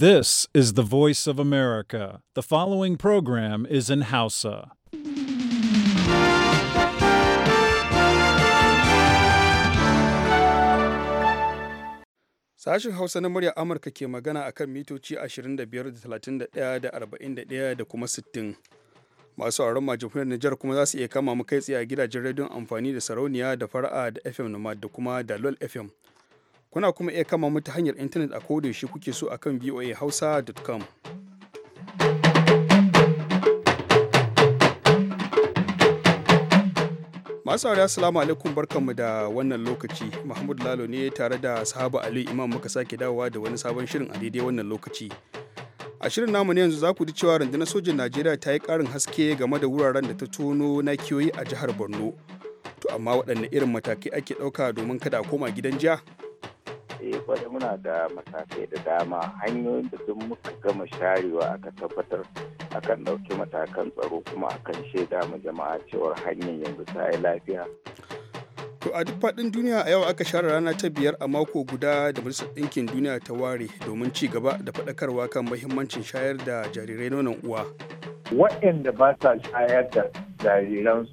This is the voice of America. The following program is in Hausa. Sashen Hausa na murya Amurka ke magana akan mitoci 25 da da 41 da kuma 60. Masu auren majamhuriyar Nijar kuma za su iya kama mu kai tsaye a gidajen rediyon amfani da sarauniya da fara'a da FM Nomad da kuma Dalol FM. Kuna kuma iya kama mu ta hanyar intanet a kodayaushe kuke so a kan voahausa.com. Masu aure assalamu alaikum barkanmu da wannan lokaci. Mahmud Lalo ne tare da sahaba Ali Imam muka sake dawowa da wani sabon shirin a daidai wannan lokaci. a shirin namu ne yanzu za ku ji cewa rundunar sojin najeriya ta yi karin haske game da wuraren da ta tono na kiyoyi a jihar borno to amma waɗanne irin matakai ake ɗauka domin kada a koma gidan jiya eh kwarai muna da matakai da dama hanyoyin da duk muka gama sharewa aka tabbatar akan ɗauki matakan tsaro kuma akan shaida ma jama'a cewar hanyar yanzu ta yi lafiya To a duk faɗin duniya a yau aka share rana ta biyar a mako guda da Majalisar Ɗinkin Duniya ta ware domin ci gaba da faɗakarwa kan mahimmancin shayar da jarirai nonon uwa. Waɗanda ba sa shayar da jariransu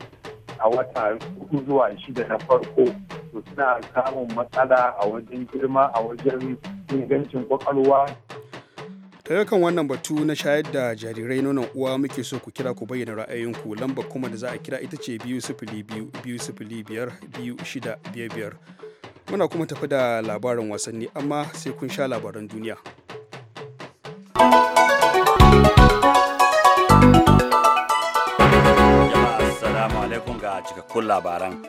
a wata uku zuwa shida na farko to suna samun matsala a wajen girma a wajen ingancin kwakwalwa tare kan wannan batu na shayar da jarirai nonon uwa muke so ku kira ku bayyana ra'ayinku lambar kuma da za a kira ita ce biyu sifili biyu biyu sifili biyar biyu shida biyar biyar muna kuma tafi da labarin wasanni amma sai kun sha labaran duniya Assalamu alaikum ga cikakkun labaran.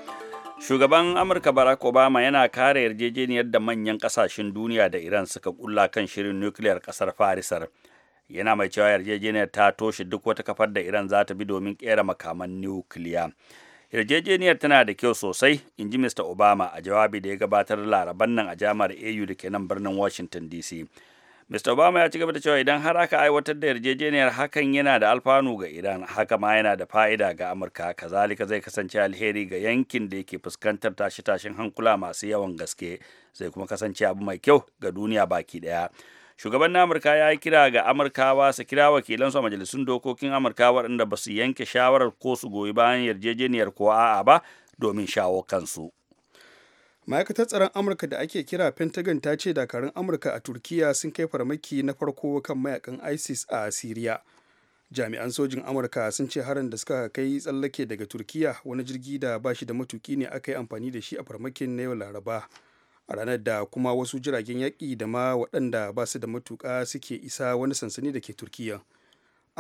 Shugaban Amurka Barack Obama yana kare yarjejeniyar da manyan kasashen duniya da Iran suka kulla kan shirin nukiliyar kasar Farisar. Yana mai cewa yarjejeniyar ta toshe duk wata kafar da Iran za ta bi domin kera makaman nukiliya. Yarjejeniyar tana da kyau sosai, in ji Mr. Obama a jawabi da ya gabatar laraban nan a jami'ar AU da ke nan birnin Washington DC. Mr. Obama ya ci gaba da cewa idan har aka aiwatar da yarjejeniyar hakan yana da alfanu ga Iran, haka ma yana da fa'ida ga Amurka, kazalika zai kasance alheri ga yankin da yake fuskantar tashe-tashen hankula masu yawan gaske, zai kuma kasance abu mai kyau ga duniya baki daya Shugaban Amurka ya yi kira ga Amurkawa su kira wakilansu a majalisun dokokin Amurka waɗanda ba su yanke shawarar ko su goyi bayan yarjejeniyar ko a'a ba domin shawo kansu. ma'aikatar tsaron amurka da ake kira pentagon ta ce dakarun amurka a turkiya sun kai farmaki na farko kan mayakan isis a syria jami'an sojin amurka sun ce harin da suka kai tsallake daga turkiya wani jirgi da ba shi da matuki ne aka yi amfani da shi a farmakin na yau laraba a ranar da kuma wasu jiragen yaƙi da ma waɗanda ba su da matuƙa suke isa wani sansani da ke turkiya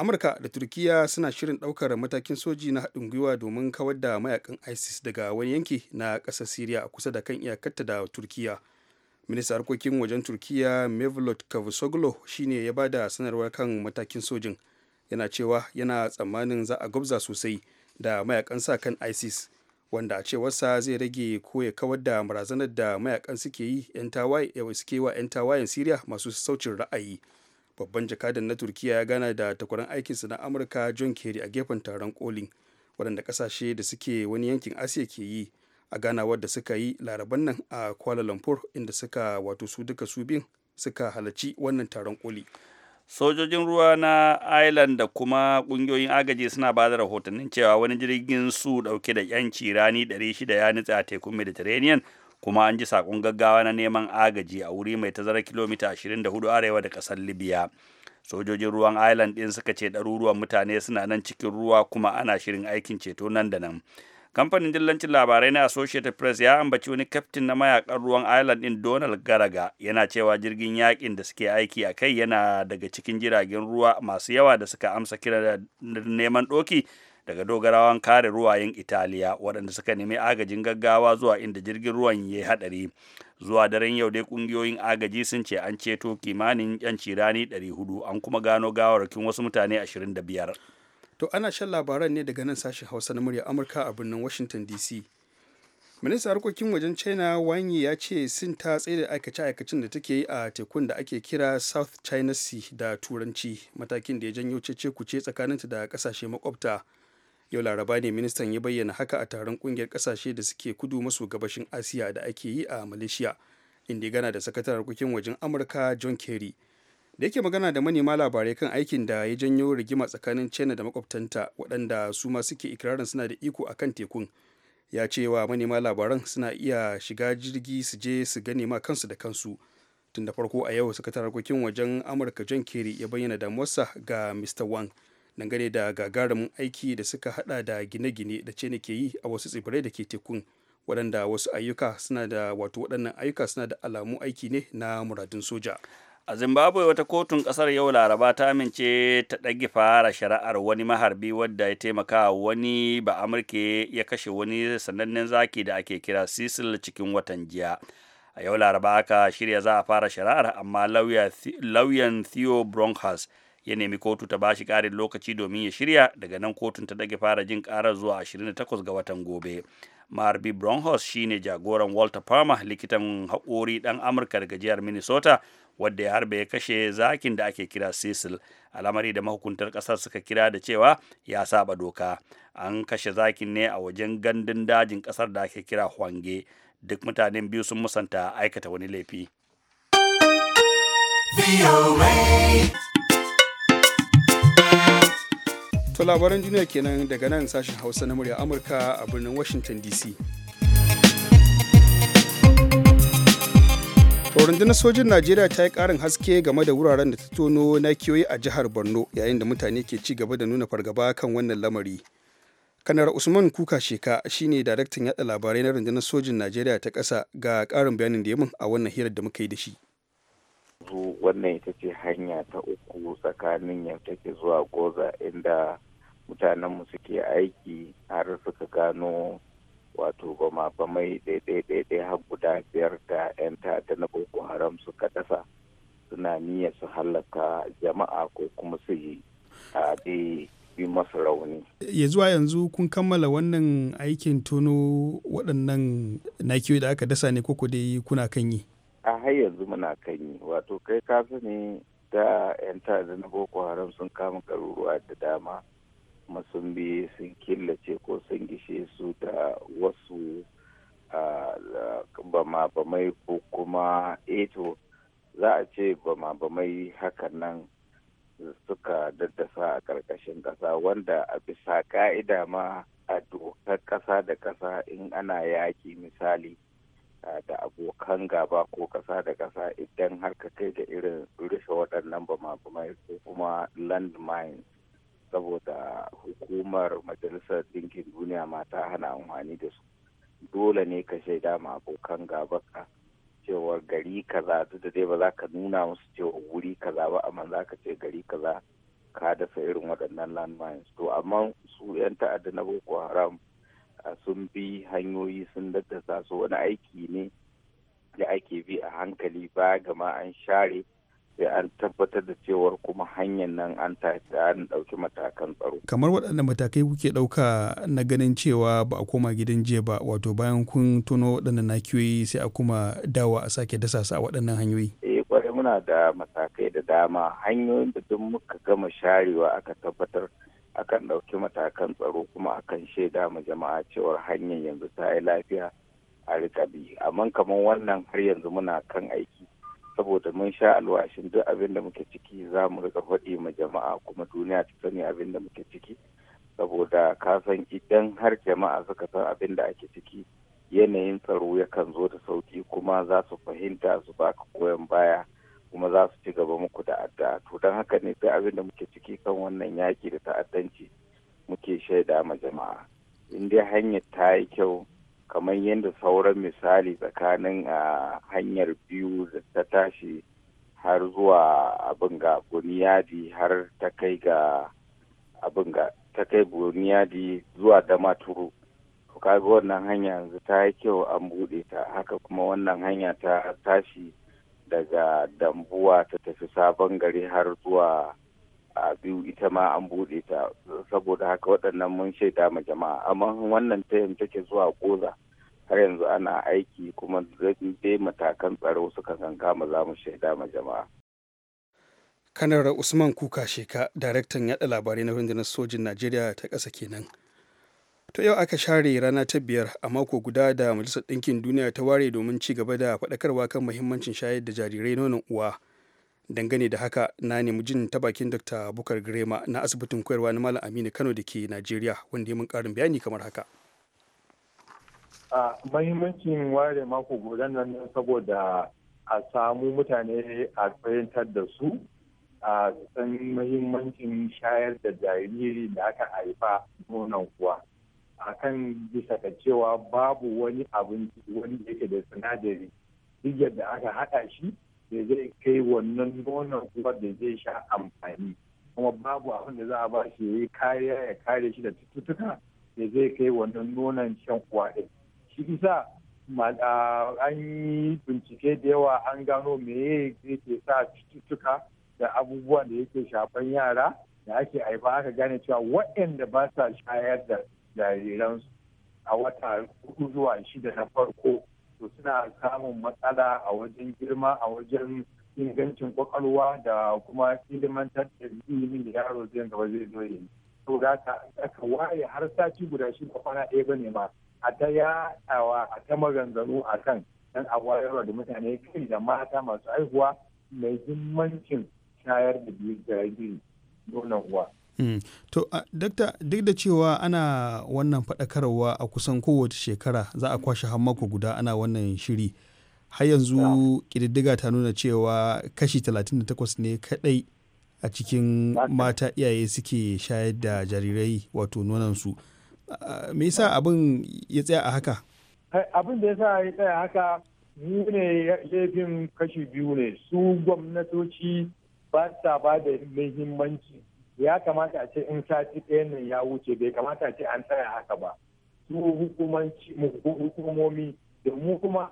amurka da turkiya suna shirin ɗaukar matakin soji na haɗin gwiwa domin kawar da mayakan isis daga wani yanki na ƙasar siriya a kusa da kan iyakarta da turkiya minista harkokin wajen turkiya mevlut kavusoglo shine ya ba da sanarwar kan matakin sojin yana cewa yana tsammanin za a gwabza sosai da mayakan sa kan isis wanda a cewarsa zai rage ko ya kawar da barazanar da mayakan suke yi eh, suke wa 'yan tawayen siriya masu saucin ra'ayi babban jakadan na turkiya ya gana da takwaran aikinsa na amurka john kerry a gefen taron kolin waɗanda ƙasashe da suke wani yankin asiya ke yi a gana da suka yi laraban nan a kuala lumpur inda suka wato su duka su bin suka halarci wannan taron koli sojojin ruwa na ireland da kuma ƙungiyoyin agaji suna ba da rahotannin cewa wani jirgin su dauke da yanci rani 600 ya nutsa a tekun mediterranean kuma an ji sakon gaggawa na neman agaji a wuri mai tazarar kilomita 24 arewa da ƙasar libya sojojin ruwan island din suka ce ɗaruruwan mutane suna nan cikin ruwa kuma ana shirin aikin ceto nan da nan kamfanin dillancin labarai na associated press ya ambaci wani kaftin na mayakan ruwan island din donald garaga yana cewa jirgin yakin da suke aiki a kai yana daga cikin jiragen ruwa masu yawa da suka amsa kira da neman ɗoki daga dogarawan kare ruwayen italiya waɗanda suka nemi agajin gaggawa zuwa inda jirgin ruwan ya yi haɗari zuwa daren yau dai ƙungiyoyin agaji sun ce an ceto kimanin yan cirani 400 an kuma gano gawarkin wasu mutane 25 to ana shan labaran ne daga nan sashen hausa na murya amurka a birnin washington dc minista harkokin wajen china wanyi ya ce sin ta tsaye aikace-aikacen da take yi a tekun da ake kira south china sea da turanci matakin da ya janyo cece kuce tsakaninta da kasashe makwabta yau laraba ne ministan ya bayyana haka a taron kungiyar kasashe da suke kudu maso gabashin asiya da ake yi a malaysia inda gana da sakataren harkokin wajen amurka john kerry da yake magana da manema labarai kan aikin da ya janyo rigima tsakanin china da makwabtanta waɗanda su ma suke ikirarin suna da iko a kan tekun ya ce wa manema labaran suna iya shiga jirgi su je su gane ma kansu da kansu tun da farko a yau sakataren harkokin wajen amurka john kerry ya bayyana damuwarsa ga mr wang dangane da gagarumin aiki da suka hada da gine-gine da ce ke yi a wasu tsibirai da ke tekun waɗanda wasu ayyuka suna da wato waɗannan ayyuka suna da alamu aiki ne na muradun soja a zimbabwe wata kotun ƙasar yau laraba ta amince ta ɗage fara shari'ar wani maharbi wadda ya taimaka wani ba amurke ya kashe wani sanannen zaki da ake kira sisil cikin watan jiya a yau laraba aka shirya za a fara shari'ar amma lauyan theo bronkhas ya nemi kotu ta bashi karin lokaci domin ya shirya daga nan kotun ta dage fara jin karar zuwa 28 ga watan gobe marby bronhos shine jagoran walter palmer likitan haƙori ɗan amurka daga jihar minnesota wadda ya harbe ya kashe zakin da ake kira cecil al'amari da mahukuntar ƙasar suka kira da cewa ya saba doka an kashe zakin ne a wajen gandun dajin ƙasar da ake kira hwange duk mutanen biyu sun musanta aikata wani laifi. To labaran duniya kenan daga nan sashen Hausa na murya Amurka a birnin Washington DC. To rundunar sojin Najeriya ta yi ƙarin haske game da wuraren da ta tono na kiyoyi a jihar Borno yayin da mutane ke ci gaba da nuna fargaba kan wannan lamari. Kanar Usman Kuka Sheka shi ne daraktan yada labarai na rundunar sojin Najeriya ta ƙasa ga ƙarin bayanin da ya mun a wannan hirar da muka yi da shi. wannan ita ce hanya ta uku tsakanin yanzu take zuwa goza inda mutanenmu suke aiki har suka gano wato goma mai daidai har guda biyar da 'yan ta'adda na boko haram suka dasa suna niyya su hallaka jama'a ko kuma su yi a bi masu rauni. ya zuwa yanzu kun kammala wannan aikin tono waɗannan nakiyoyi da aka dasa ne koko dai kuna kan yi a har yanzu muna kan yi wato kai ka sani da 'yan ta'adda na boko haram sun kama garuruwa da dama kuma sun bi sun killace ko sun gishe su da wasu bama-bamai ko kuma eto eh za a ce bama-bamai hakan nan suka daddasa a ƙarƙashin ƙasa wanda a bisa ƙa'ida ma a dokar ƙasa da ƙasa in ana yaƙi misali da abokan gaba ko ƙasa da ƙasa idan har ka kai ga irin rufe waɗannan bama-bamai ko kuma landmines saboda hukumar majalisar ɗinkin duniya mata hana amfani da su dole ne ka shaida ma abokan gabaka cewa gari kaza duk da dai ba za ka nuna musu cewa wuri kaza ba amma za ka ce gari kaza ka dasa irin waɗannan landmines to amma su 'yan ta'adda na boko haram sun bi hanyoyi sun daddasa su wani aiki ne da ake bi a hankali ba gama an share sai an tabbatar da cewar kuma hanyar nan an an ɗauki matakan tsaro. Kamar waɗanda matakai kuke ɗauka na ganin cewa ba a koma gidan jiya ba wato bayan kun tono waɗannan nakiyoyi sai a kuma dawa a sake dasa su a waɗannan hanyoyi. Eh kwarai muna da matakai da dama hanyoyin da duk muka gama sharewa aka tabbatar akan ɗauki matakan tsaro kuma akan shaida ma jama'a cewar hanyar yanzu ta yi lafiya a riƙa bi amma kamar wannan har yanzu muna kan aiki saboda mun sha alwashin duk abin da muke ciki za mu rika faɗi ma jama'a kuma duniya ta sani abin da muke ciki saboda ka san idan har jama'a suka san abin da ake ciki yanayin tsaro yakan zo da sauki kuma za su fahimta su baka goyon baya kuma za su ci gaba muku da addu'a to don haka ne duk abin da muke ciki kan wannan yaki da ta'addanci muke shaida ma jama'a in dai hanyar ta yi kyau kamar yadda sauran misali tsakanin a hanyar biyu da ta tashi har zuwa abin ga buniyadi har ta kai ga abin ga ta kai buniyadi zuwa kaga wannan hanya yanzu ta yi kyau an buɗe ta haka kuma wannan hanya ta tashi daga dambuwa ta tafi sabon gari har zuwa a biyu ita ma an buɗe ta saboda haka waɗannan mun shaida ma jama'a amma wannan tayin take zuwa koza har yanzu ana aiki kuma dai matakan tsaro suka kankama za mu shaida ma jama'a kanar usman kuka sheka daraktan yaɗa labarai na rundunar sojin najeriya ta ƙasa kenan to yau aka share rana ta biyar a mako guda da majalisar ɗinkin duniya ta ware domin ci gaba da faɗakarwa kan muhimmancin shayar da jarirai nonon uwa dangane da haka na nemi jin ta bakin dr bukar grema na asibitin koyarwa na malam aminu kano da ke najeriya wanda ya mun karin bayani kamar haka mahimmancin ware mako gudan nan saboda a samu mutane a fahimtar da su a san mahimmancin shayar da jariri da aka haifa nonon kuwa a kan bisa ka cewa babu wani abinci wani yake da sinadari duk da aka haɗa shi da zai kai wannan nonon kuma da zai sha amfani kuma babu abin da za a ba shi ya kariya ya kare shi da cututtuka da zai kai wannan nonon shan uwa ɗin shi isa an yi bincike da yawa an gano me yake sa cututtuka da abubuwan da yake shafan yara da ake haifa aka gane cewa waɗanda ba sa shayar da jariransu a wata hudu zuwa shida na farko to suna samun matsala a wajen girma a wajen ingancin kwakwalwa da kuma ilimantar da ilimin da yaro zai gaba zai zo yi to da aka waye har sati guda shi ba kwana ɗaya bane ma a ta yaɗawa a ta maganganu a kan dan a wayarwa da mutane kai da mata masu haihuwa mai himmancin shayar da biyu da nonon uwa Mm. To, duk da cewa ana wannan faɗakarwa a kusan kowace shekara za a kwashe har guda ana wannan shiri. Har yanzu ƙididdiga ta nuna cewa kashi 38 ne kaɗai a cikin mata iyaye suke shayar da jarirai wato nonansu. Me yasa abin ya tsaya a haka? Eh, abin da ya sa ya tsaya haka ni ne laifin kashi biyu ne su gwamnatoci ba ta ba da muhimmanci ya kamata a ce in sati ɗayan nan ya wuce bai kamata a ce an tsaya haka ba su hukumomi da mu kuma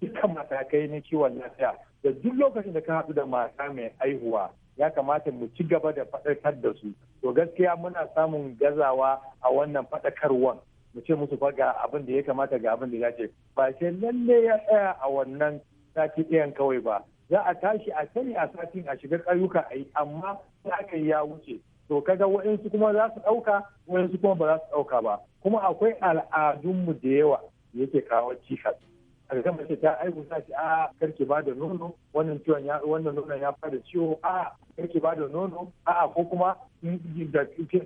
dukkan matakai na kiwon lafiya da duk lokacin da ka haɗu da mata mai aihuwa ya kamata mu ci gaba da faɗakar da su to gaskiya muna samun gazawa a wannan faɗakarwan mu ce musu fa ga abin da ya kamata ga abin da ya ce ba sai lalle ya tsaya a wannan sati ɗayan kawai ba za a tashi a sani a satin a shiga ƙauyuka a yi amma sai aka ya wuce to kaga wa'insu kuma za su ɗauka wa'insu kuma ba za su ɗauka ba kuma akwai al'adunmu da yawa da yake kawo cikas a ga mace ta aihu ta ce a karki ba da nono wannan ciwon ya wannan nono ya fara ciwo a karki ba da nono a ko kuma da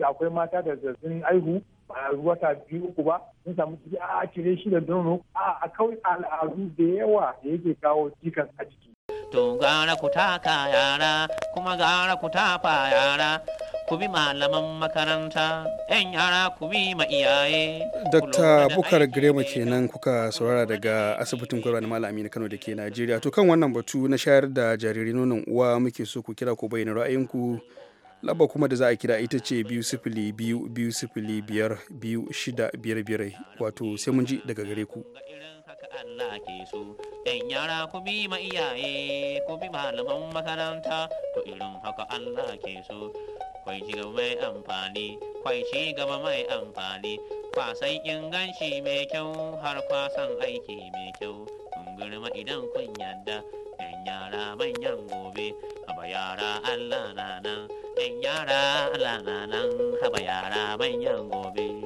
akwai mata da zazzabin aihu a wata biyu uku ba sun samu ciki a cire shi da nono a akwai al'adu da yawa da yake kawo cikas a ciki. To gara ku taka yara kuma gara ku tafa yara ku bi malaman makaranta, 'yan yara ku bi ma iyaye. Dokta Bukar ke kenan kuka saurara daga asibitin koyarwa na Malami na Kano da ke Najeriya. To kan wannan batu na shayar da jariri nonon uwa muke so ku kira ku bayyana ra'ayinku. lamba kuma da za a kira ita ce biyu sifili biyu biyu sifili biyar biyu shida biyar biyar wato sai mun ji daga gare ku. Allah ke so, ‘yan yara ku bi ma iyaye, ku bi malaman makaranta, to irin haka Allah ke so. kwai ci gaba mai amfani kwai ci gaba mai amfani kwasan inganci mai kyau har kwasan aiki mai kyau kun idan kun yadda yan yara manyan gobe haba yara allah na nan yan yara allah na nan haba yara manyan gobe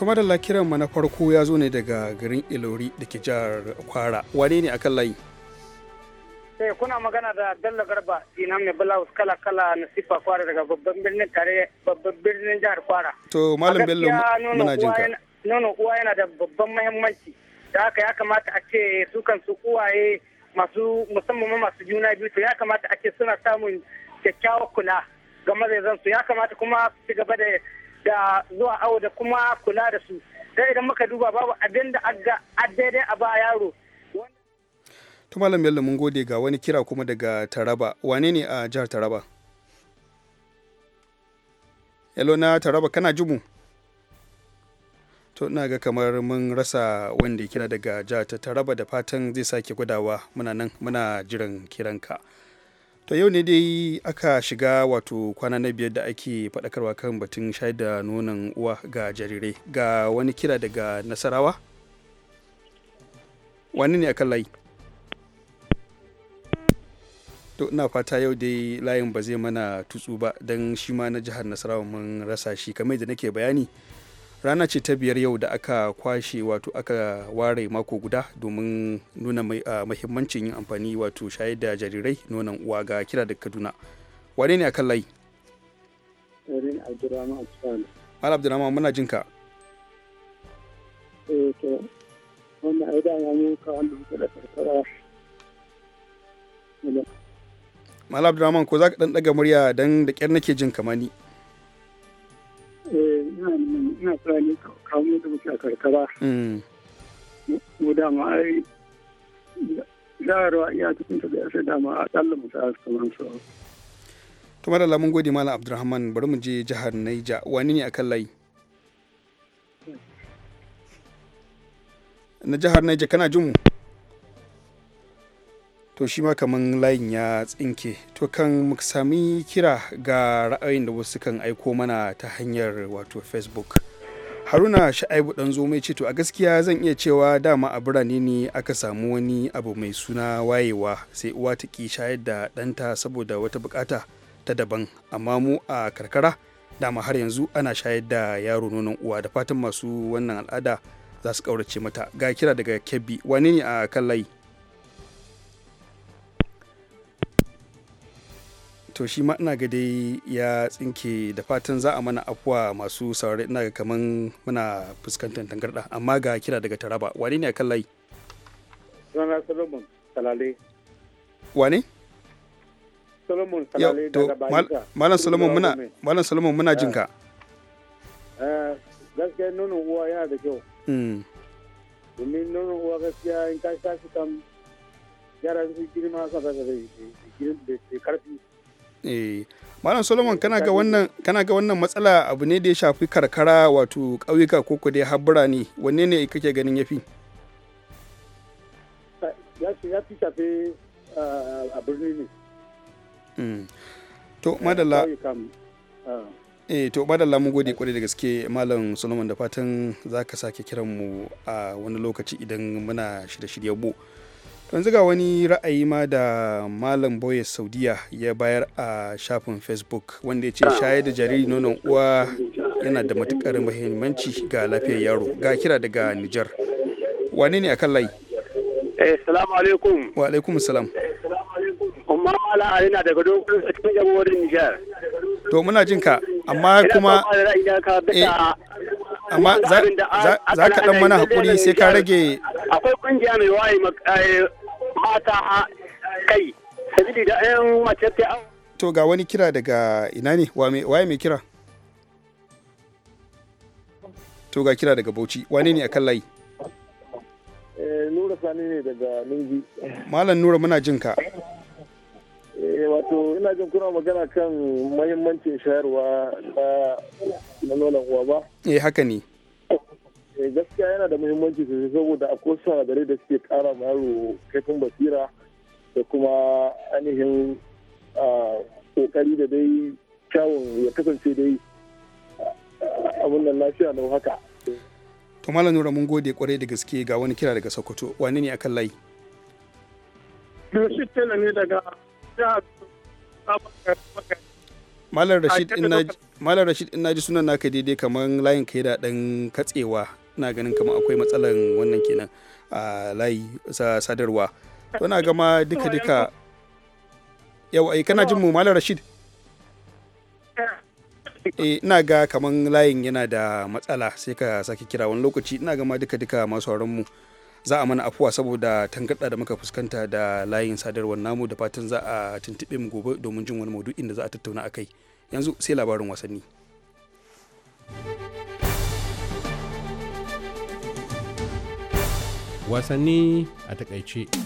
madalla kiran mu na farko ya zo ne daga garin ilori da ke jihar kwara wane ne akan layi eh kuna magana da Bello Garba ina mai Bulawus kala kala na sifa kwara daga babban birnin tare babban birnin jihar Kwara. To Malam Bello muna jin ka. Nono uwa yana da babban muhimmanci. Da haka ya kamata a ce su kansu uwaye masu musamman masu juna biyu to ya kamata a ce suna samun kyakkyawar kula ga mazaizansu ya kamata kuma su ci gaba da da zuwa awo da kuma kula da su sai idan muka duba babu abin da daidai a ba yaro to malam bello mun gode ga wani kira kuma daga taraba wane ne a jihar taraba hello na taraba kana ji mu? to ina ga kamar mun rasa wanda kira daga jihar taraba da fatan zai sake gudawa muna nan muna jiran kiranka to yau ne dai aka shiga wato kwana na biyar da ake faɗakarwa kan batun shayar da nonon uwa ga jarirai ga wani kira daga nasarawa wani ne akan layi to ina fata yau dai layin ba zai mana tutsu ba don shi ma na jihar nasarawa mun rasa shi kamar da nake bayani rana ce ta biyar yau da aka kwashe wato aka ware mako guda domin nuna mahimmancin ah, yin amfani wato shayar da jarirai nonon uwa ga kira da kaduna wane ne akan layi Mal Abdurrahman muna jin ka. Eh Mal Abdurrahman ko za ka ɗan ɗaga murya don da ƙyar nake jin kamani. ni. Eh, ina tsirani kawo da muke a karkara mm. mu dama ai jarawa iya cikin ta da yasa dama a ƙalla mu ta kamar su tumar da lamun gode malam abdulrahman bari mu je jihar naija wani ne akan layi na jihar naija kana jin mu to shi ma kaman layin ya tsinke to kan sami kira ga ra'ayin da wasu kan aiko mana ta hanyar wato facebook haruna sha'aibu dan zo mai ce to a gaskiya zan iya cewa dama a birane ne aka samu wani abu mai suna wayewa sai uwa ta ki shayar da ɗanta saboda wata bukata ta daban amma mu a karkara dama har yanzu ana shayar da yaro nonon uwa da fatan masu wannan al'ada za su ƙaurace mata ga kira daga kebbi wane ne a kan layi to shi ma ina ga dai ya tsinke da fatan za a mana afuwa masu saurari ina ga kaman muna fuskantar tangarda amma ga kira daga taraba wane ne a kan layi sunana solomon salale wane solomon salale daga bayelsa malam solomon muna malam solomon muna eh. jin ka eh, gaskiya nonon uwa yana da kyau hmm. domin nonon uwa gaskiya in ka shi kam yara su girma sa ka da karfi Eh, malam solomon kana ga wannan ga wannan matsala abu ne da ya shafi karkara wato ƙauyuka ko ku dai har birane wanne ne kake ganin yafi ya fi eh, eh, a birni ne hmm. to madalla eh to madalla mun gode kwarai da gaske malam solomon da fatan za ka sake kiran mu a wani lokaci idan muna shirye-shirye bo. yanzu ga wani ra'ayi ma da malam boye saudiya ya bayar a shafin facebook wanda ya ce shayar da jariri nonon uwa yana da matukar muhimmanci ga lafiyar yaro ga kira daga nijar wane ne akan layi eh, salamu alaikum wa alaikum salam umma mala alina daga dogon cikin jamhuriyar nijar to muna jin ka amma kuma eh, amma za ka dan mana hakuri sai ka rage akwai kungiya mai waye eh, mata a kai sabili da yan mace ta to ga wani kira daga ina ne waye mai kira to ga kira daga bauchi wane ne a kan layi eh, nura sani ne daga ningi malam nura muna jin ka eh, wato ina jin kuna magana kan mahimmancin shayarwa na nonon uwa ba eh haka ne Eh, gaskiya yana da muhimmanci sosai saboda akwai sinadarai da suke kara maro yaro kaifin basira da kuma ainihin kokari da dai kyawun ya kasance dai abin nan lafiya na haka. to malam nura mun gode kwarai da gaske ga wani kira daga sokoto wani ne akan layi. Rashid Tela ne daga jihar Malam Rashid ina ji sunan naka daidai kamar layin kai da ɗan katsewa ina ganin kamar akwai matsalan wannan kenan a layi sadarwa to gama duka duka yau ai kana jin mu malam rashid eh. eh ina ga kaman layin yana da matsala sai ka sake kira wani lokaci ina gama duka duka masu mu za a mana afuwa saboda tangarɗa da muka fuskanta da layin sadarwar namu da fatan za a tuntube mu gobe domin jin wani maudu'in da za a tattauna a kai yanzu sai labarin wasanni wasanni a takaice.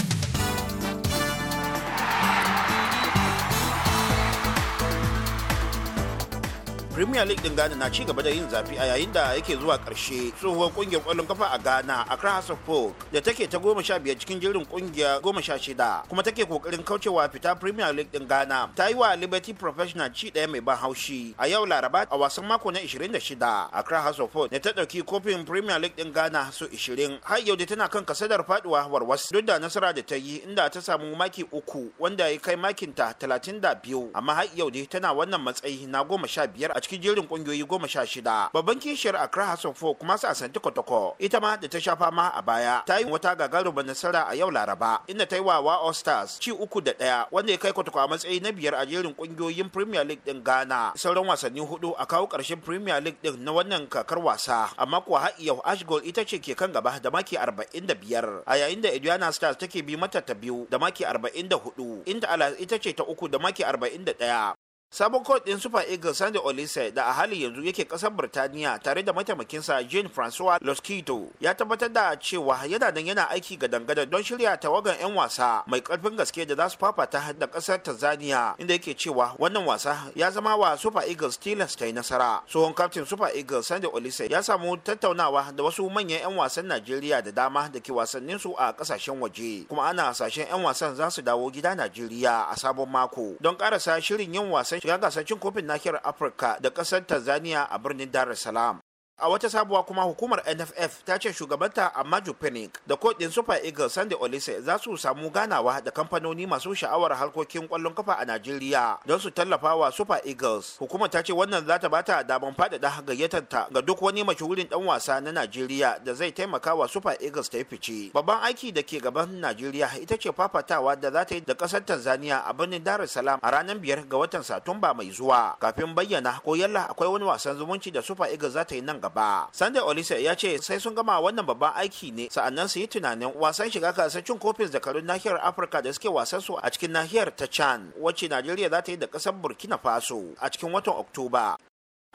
premier league din ghana na ci da yin zafi a yayin da yake zuwa karshe tsohuwar kungiyar kwallon kafa a ghana a house of folk da take ta goma sha biyar cikin jirin kungiya goma sha shida kuma take kokarin kaucewa fita premier league din ghana ta yi wa liberty professional ci daya mai ban haushi a yau laraba a wasan mako na 26 a house of folk da ta ɗauki kofin premier league din ghana so ishirin har yau da tana kan kasadar faduwa warwas duk da nasara da ta yi inda ta samu maki uku wanda ya kai makinta 32 amma har yau da tana wannan matsayi na goma sha biyar a cikin jerin kungiyoyi goma sha shida babban kishiyar accra hassan fo kuma su santi kotoko ita ma da ta sha fama a baya ta yi wata gagarumar nasara a yau laraba inda ta yi wa wa all stars ci uku da ɗaya wanda ya kai kotoko a matsayi na biyar a jerin kungiyoyin premier league din ghana sauran wasanni hudu a kawo karshen premier league din na wannan kakar wasa amma kuwa har yau ashgol ita ce ke kan gaba da maki arba'in da biyar a yayin da Indiana Stars take bi mata ta biyu da maki 44 inda Alas ita ce ta uku da maki 41 sabon kot din super eagles sandy olise da a hali yanzu yake kasar birtaniya tare da mataimakinsa jean francois Losquito ya tabbatar da cewa yana nan yana aiki ga dangada don shirya tawagan 'yan wasa mai karfin gaske da za su fafata da kasar tanzania inda yake cewa wannan wasa ya zama wa super eagles tilas ta yi nasara tsohon kaftin super eagles sandy olise ya samu tattaunawa da wasu manyan 'yan wasan najeriya da dama da ke wasannin su a kasashen waje kuma ana hasashen 'yan wasan za su dawo gida najeriya a sabon mako don karasa shirin yin wasan gasar shiga gasar cin kofin nahiyar Afirka da kasar Tanzania a birnin Dar es Salaam. a wata sabuwa kuma hukumar nff ta ce shugabanta amma jupenic da kodin super eagles sunday olise za su samu ganawa da kamfanoni masu sha'awar harkokin kwallon kafa a najeriya don su tallafa wa super eagles hukumar ta ce wannan za ta bata daman faɗaɗa gayyatarta ga duk wani mashahurin dan wasa na najeriya da zai taimaka wa super eagles ta yi fice babban aiki da ke gaban najeriya ita ce fafatawa da za ta yi da kasar tanzania a birnin dar es salaam a ranar biyar ga watan satumba mai zuwa kafin bayyana ko yalla akwai wani wasan zumunci da super eagles za ta yi nan gaba sanda olise ya ce sai sun gama wannan babban aiki ne sa'annan su yi tunanin wasan shiga gasar cin kofin zakarun nahiyar afirka da suke wasan su a cikin nahiyar ta chan wacce najeriya za ta yi da kasar burkina faso a cikin watan oktoba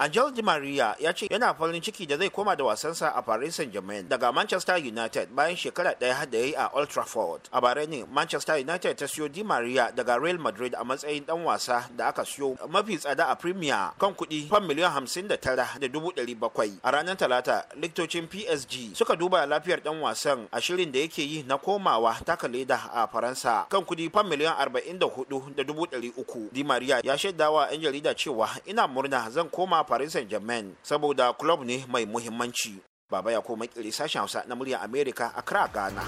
Angel Di Maria ya ce yana farin ciki da zai koma da wasansa a Paris Saint-Germain daga Manchester United bayan shekara ɗaya da ya yi a Old Trafford. A bare ne Manchester United ta siyo Di Maria daga Real Madrid a matsayin dan wasa da aka siyo mafi tsada a Premier kan kuɗi fan miliyan hamsin da tara da dubu ɗari bakwai. A ranar Talata, liktocin PSG suka duba lafiyar dan wasan a shirin da yake yi na komawa taka leda a Faransa kan kuɗi fan miliyan arba'in da hudu da dubu ɗari uku. Di Maria ya shaidawa 'yan jarida cewa ina murna zan koma Paris Saint-Germain saboda club ne mai muhimmanci. Baba ya koma kiri sashen Hausa na muryar Amerika a kira Ghana.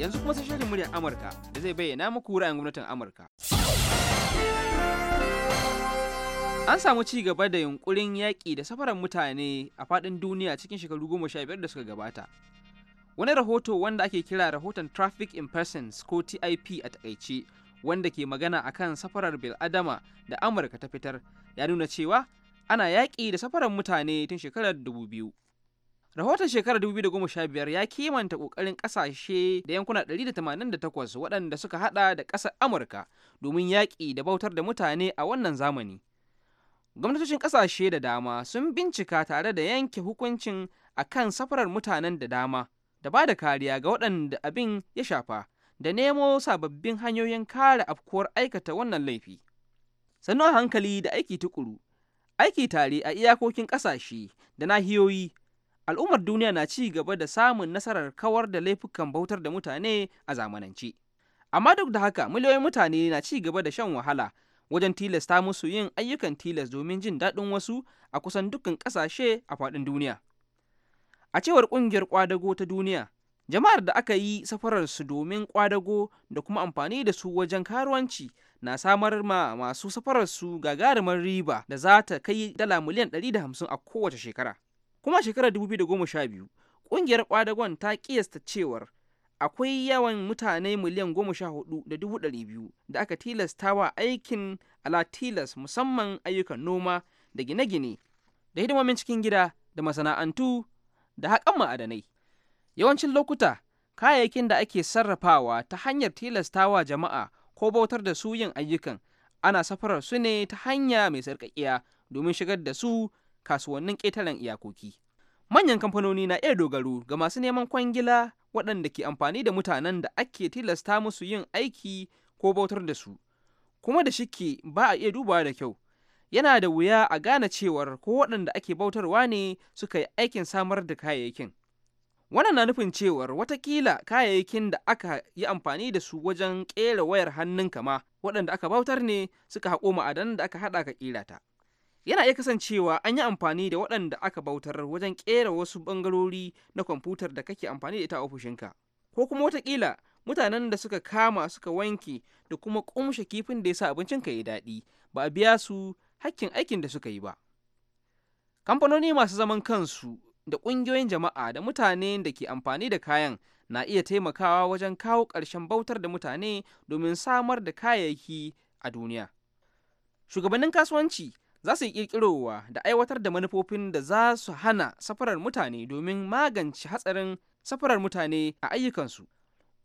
Yanzu kuma sai shirin muryar Amurka da zai bayyana muku ra'ayin gwamnatin Amurka. An samu ci gaba da yunkurin yaƙi da safarar mutane a faɗin duniya cikin shekaru goma sha biyar da suka gabata. wani rahoto wanda ake kira rahoton traffic in ko tip a takaice wanda ke magana akan safarar bil'adama da amurka ta fitar ya nuna cewa ana yaƙi da safarar mutane tun shekarar 2000 rahoton shekarar 2015 ya kimanta ƙoƙarin ƙasashe da yankuna 188 waɗanda suka hada da ƙasar amurka domin yaƙi da bautar da mutane a wannan zamani gwamnatocin ƙasashe da dama sun bincika tare da yanke hukuncin akan safarar mutanen da dama da ba da kariya ga waɗanda abin ya shafa da nemo sababbin hanyoyin kare afkuwar aikata wannan laifi sannu a hankali da aiki tukuru aiki tare a iyakokin ƙasashe da nahiyoyi al'ummar duniya na ci gaba da samun nasarar kawar da laifukan bautar da mutane a zamanance amma duk da haka miliyoyin mutane na ci gaba da shan wahala wajen tilasta musu yin ayyukan tilas domin jin daɗin wasu a kusan dukkan ƙasashe a faɗin duniya a cewar ƙungiyar kwadago ta duniya jama'ar da aka yi safararsu domin kwadago da kuma amfani da su wajen karuwanci na samar ma masu safararsu gagarumar riba da za ta kai dala miliyan 150 a kowace shekara kuma shekarar 2012 ƙungiyar kwadagon ta kiyasta cewar akwai yawan mutane miliyan 14.200 da aka tilasta wa aikin ala tilas musamman ayyukan noma da gine-gine da hidimomin cikin gida da masana'antu da haƙan ma'adanai. Yawancin lokuta, kayayyakin da ake sarrafawa ta hanyar tilastawa jama'a ko bautar da su yin ayyukan ana safarar su ne ta hanya mai sarƙaƙiya domin shigar da su kasuwannin ƙetaren iyakoki. Manyan kamfanoni na iya dogaro ga masu neman kwangila waɗanda ke amfani da mutanen da ake tilasta musu yin aiki ko bautar da su, kuma da shike ba a iya dubawa da kyau. yana da wuya a gane cewar ko waɗanda ake bautarwa ne suka yi aikin samar da kayayyakin. Wannan na nufin cewar watakila kayayyakin da aka yi amfani da su wajen ƙera wayar hannun kama waɗanda aka bautar ne suka haƙo ma'adanan da aka haɗa ka ƙira ta. Yana iya kasancewa an yi amfani da waɗanda aka bautar wajen ƙera wasu ɓangarori na kwamfutar da kake amfani da ita a ofishinka. Ko kuma watakila mutanen da suka kama suka wanke da kuma ƙumshe kifin da ya sa abincinka ya daɗi ba a biya su hakkin aikin da suka yi ba kamfanoni masu zaman kansu da ƙungiyoyin jama'a da mutane da ke amfani da kayan na iya taimakawa wajen kawo ƙarshen bautar da mutane domin samar da kayayyaki a duniya shugabannin kasuwanci za su yi ƙirƙirowa da aiwatar da manufofin da za su hana safarar mutane domin magance hatsarin safarar mutane a ayyukansu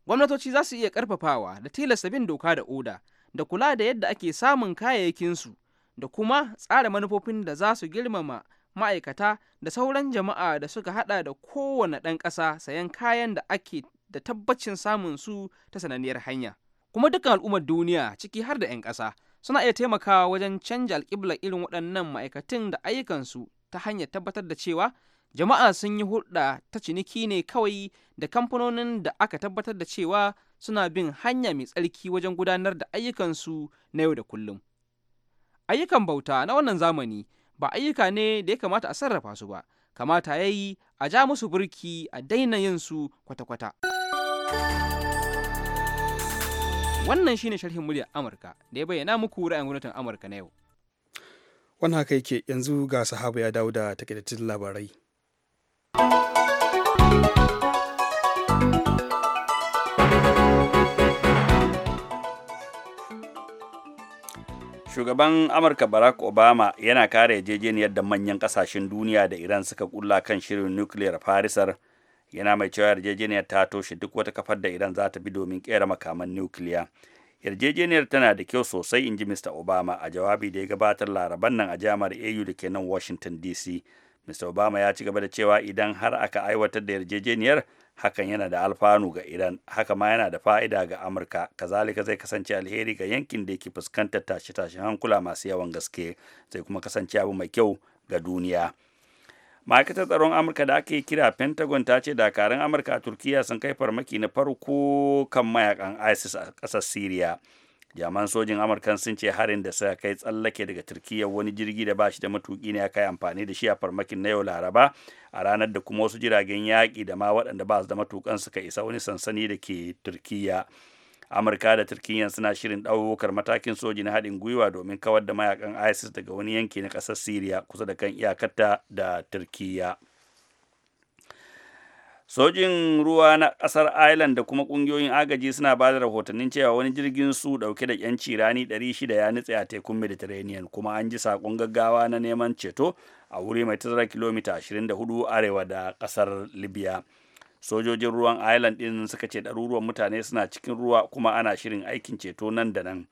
gwamnatoci za su iya ƙarfafawa da tilasta bin doka da oda da kula da yadda ake samun kayayyakinsu da kuma tsara manufofin da za su girmama ma'aikata da sauran jama'a da suka hada da kowane ɗan ƙasa sayan kayan da ake da tabbacin samun su ta sananniyar hanya kuma dukkan al'ummar duniya ciki har da 'yan ƙasa suna iya taimakawa wajen canja alƙiblar irin waɗannan ma'aikatan da ayyukansu ta hanyar tabbatar da cewa jama'a sun yi hulɗa ta ciniki ne kawai da kamfanonin da aka tabbatar da cewa suna bin hanya mai tsarki wajen gudanar da ayyukansu na yau da kullum. ayyukan bauta na wannan zamani ba ayyuka ne da ya kamata a sarrafa su ba kamata ya yi a ja musu burki a daina yin su kwata-kwata wannan shine sharhin muryar amurka da ya bayyana muku ra'ayin gwamnatin amurka na yau wani haka yake yanzu ga sahaba ya dawo da takaitattun labarai shugaban amurka barack obama yana kare yarjejeniyar da manyan kasashen duniya da iran suka kulla kan shirin nukiliyar farisar yana mai cewa yarjejeniyar ta toshe duk wata kafar da iran za ta bi domin kera makaman nukiliya yarjejeniyar tana da kyau sosai in ji mr obama a jawabi da ya gabatar laraban nan a jam'ar au da ke nan washington dc mr obama ya ci gaba da cewa idan har aka aiwatar da yarjejeniyar hakan yana da alfanu ga iran haka ma yana da fa'ida ga amurka kazalika zai kasance alheri ga yankin da yake fuskantar tashe-tashen hankula masu yawan gaske zai kuma kasance abu mai kyau ga duniya ma'aikatar tsaron amurka da ake kira pentagon ta ce dakarun amurka a turkiya sun kai farmaki na farko kan mayakan isis a ƙasar siriya jaman sojin amurkan sun ce harin da suka kai tsallake daga turkiyya wani jirgi da bashi da matuki ne ya yi amfani da shi a farmakin na yau laraba a ranar da kuma wasu jiragen yaƙi da ma waɗanda ba su da matukan suka isa wani sansani da ke turkiyya amurka da turkiyya suna shirin ɗaukar matakin soji na haɗin gwiwa domin kawar da mayakan isis daga wani yanki na ƙasar syria kusa da kan iyakarta da turkiyya sojin ruwa na kasar Ireland da kuma kungiyoyin agaji suna ba da rahotannin cewa wani jirgin su ɗauke da 'yanci rani 600 ya nutse a tekun Mediterranean kuma an ji saƙon gaggawa na neman ceto a wuri mai tazarar kilomita 24 arewa da kasar Libya. Sojojin ruwan Ireland din suka ce ɗaruruwan mutane suna cikin ruwa kuma ana shirin aikin ceto nan da nan.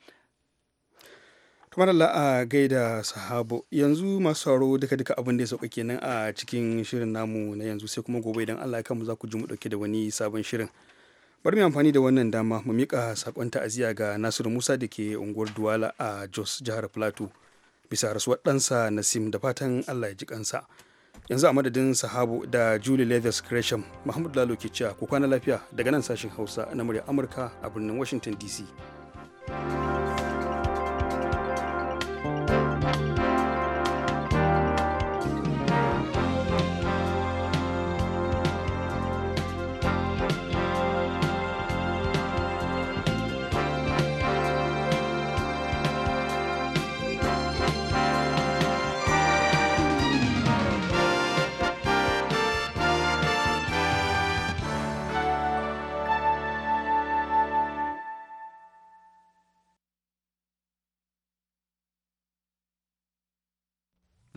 kamar Allah a gaida sahabo yanzu masu sauro duka duka abin da ya sauka kenan a cikin shirin namu na yanzu sai kuma gobe idan Allah ya kanmu za ku ji mu dauke da wani sabon shirin bari mu amfani da wannan dama mu mika sakon ta'aziyya ga Nasiru Musa da ke unguwar Duwala a Jos jihar Plateau bisa rasuwar ɗansa Nasim da fatan Allah ya ji kansa yanzu a madadin sahabo da Julie Leathers Gresham Muhammadu Lalo ke cewa ku kwana lafiya daga nan sashin Hausa na murya Amurka a birnin Washington DC thank you